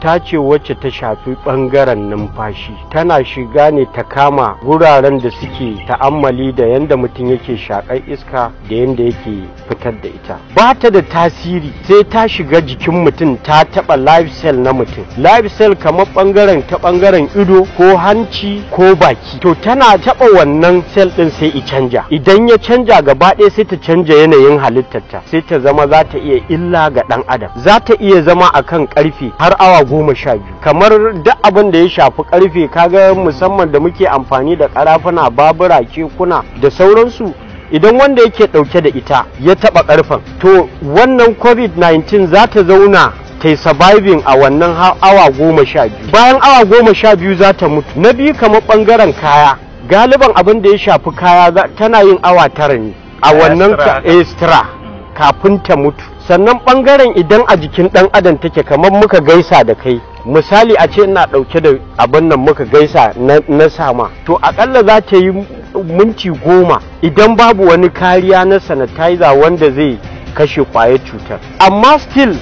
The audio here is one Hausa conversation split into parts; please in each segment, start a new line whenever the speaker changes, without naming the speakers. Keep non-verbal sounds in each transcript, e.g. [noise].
cuta ce wacce ta shafi ɓangaren numfashi tana shiga ne ta kama wuraren da suke ta'ammali da yadda mutum yake shakar iska da yadda yake fitar da ita ba ta da tasiri sai ta shiga jikin mutum ta taɓa life-cell na mutum Life-cell kamar ɓangaren ta ɓangaren ido ko hanci ko baki to tana taɓa wannan cell ɗin sai i canja idan ya canja gaba ɗaya sai ta canja yanayin halittarta sai ta zama za ta iya illa ga ɗan adam za ta iya zama akan ƙarfe har awa goma sha biyu kamar duk abin da ya shafi karfe kaga musamman da muke amfani da karafuna babura kekuna da sauransu idan wanda yake dauke da ita ya taba karfen to wannan covid-19 za ta zauna ta yi surviving a wannan awa goma sha biyu bayan awa goma sha biyu za ta mutu na biyu kamar bangaren kaya galiban abin da ya shafi kaya tana yin awa tara ne a wannan extra kafin ta mutu sannan ɓangaren idan a jikin ɗan adam take kamar muka gaisa da kai misali a ce ina ɗauke da abin nan muka gaisa na sama to aƙalla za ta yi minti goma idan babu wani kariya na sanitizer wanda zai kashe ƙwayar cutar amma still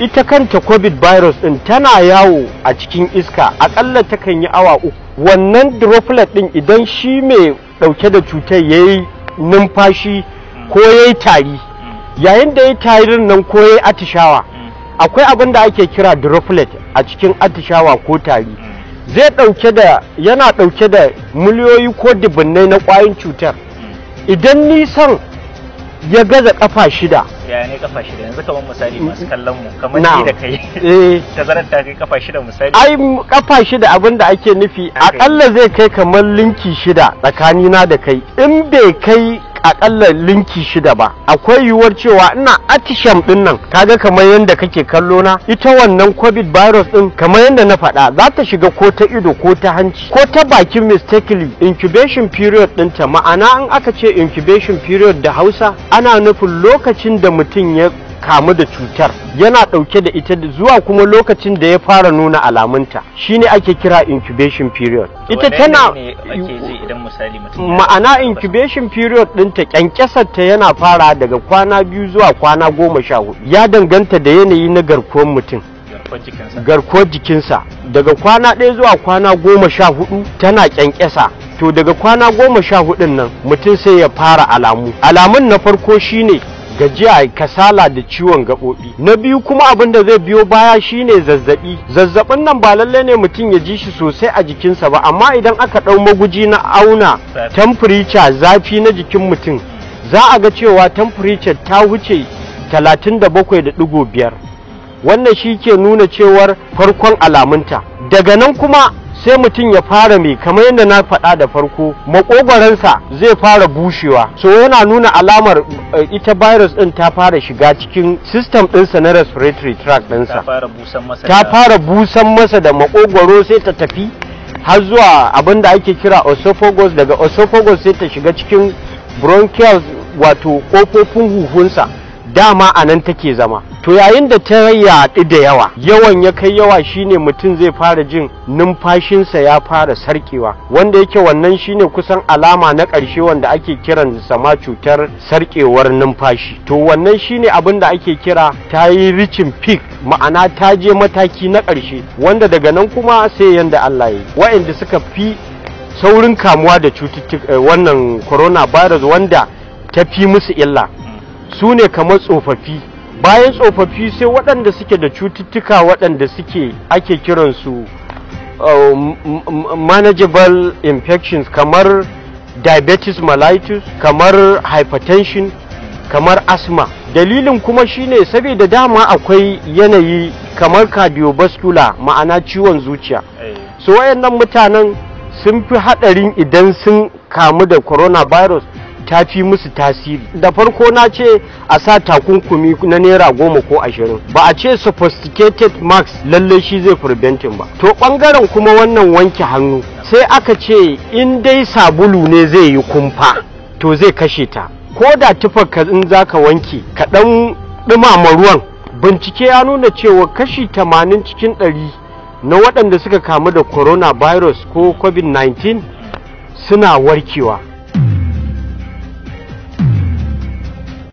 ita kanta covid virus din tana yawo a cikin iska akalla takan yi awa uku wannan droplet ɗin idan shi mai ɗauke da cutar ya yi numfashi ko ya yi tari yayin da ya tayirin nan ko ya atishawa mm. akwai abin da ake kira droplet a cikin atishawa ko tari mm. zai dauke da yana ɗauke da miliyoyi ko dubunnai na kwayoyin cutar mm. idan nisan ya gaza kafa shida ya ne kafa shida yanzu kamar misali masu kallon mu kamar ni da kai eh. [laughs] tazarar ta kai kafa shida misali ai kafa shida abin da ake nufi akalla zai kai kamar linki shida tsakani na da kai in bai kai akalla linki shida ba akwai yiwuwar cewa ina atisham din nan kaga kamar yadda kake kallo na ita wannan covid virus din kamar yadda na faɗa za ta shiga ko ta ido ko ta hanci ko ta bakin mistakenly incubation period ɗinta ma'ana in aka ce incubation period da hausa ana nufin lokacin da mutum ya kamu da cutar yana ɗauke da ita zuwa kuma lokacin da ya fara nuna alamunta shine ake kira incubation period ita tana ma'ana incubation period ɗinta ƙyanƙyasar ta yana fara daga kwana biyu zuwa kwana goma sha hudu ya danganta da yanayi na garkuwar mutum garkuwar jikinsa daga kwana ɗaya zuwa kwana goma sha hudu tana ƙyanƙyasa to daga kwana goma sha hudun nan mutum sai ya fara alamu alamun na farko shine gajiya kasala da ciwon gaɓoɓi na biyu kuma abin da zai biyo baya shine zazzaɓi zazzaɓin nan ba lallai ne mutum ya ji shi sosai a jikinsa ba amma idan aka ɗau maguji na auna temperature zafi na jikin mutum za a ga cewa temperature ta wuce 37.5 wannan shi ke nuna cewar farkon alamunta daga nan kuma sai mutum ya fara mai kamar yadda na faɗa da farko makogwaransa zai fara bushewa so yana nuna alamar eh, ita virus ɗin ta fara shiga cikin system ɗinsa na respiratory tract ɗinsa ta fara busan masa da makogwaro sai ta tafi har zuwa abin da ake kira esophagus daga esophagus sai ta shiga cikin bronchial wato ƙofofin huhunsa dama a nan take zama to yayin da ta yaɗu da yawa yawan ya kai yawa shine mutum zai fara jin numfashinsa ya fara sarkewa wanda yake wannan shine kusan alama na ƙarshe wanda ake kiran sama cutar sarkewar numfashi to wannan shine abin da ake kira ta yi ricin peak ma'ana ta je mataki na ƙarshe wanda daga nan kuma sai yanda Allah ya yi suka fi saurin kamuwa da cututtuka eh, wannan coronavirus wanda ta fi musu illa su ne kamar tsofaffi bayan tsofaffi sai waɗanda suke da cututtuka waɗanda suke ake kiransu uh, manageable infections kamar diabetes mellitus kamar hypertension kamar asma dalilin kuma shine saboda dama akwai yanayi kamar cardiovascular ma'ana ciwon zuciya eh. so wayannan mutanen sun fi hadarin idan sun kamu da coronavirus ta fi musu tasiri da farko na ce a sa takunkumi na naira goma ko ashirin ba a ce sophisticated max lallai shi zai furbentin ba to bangaren kuma wannan wanke hannu sai aka ce in dai sabulu ne zai yi kumfa to zai kashe ta ko da tufarka in za ka wanke kaɗan ɗumama ruwan bincike ya nuna cewa kashi tamanin cikin ɗari na waɗanda suka kamu da coronavirus ko covid-19 suna warkewa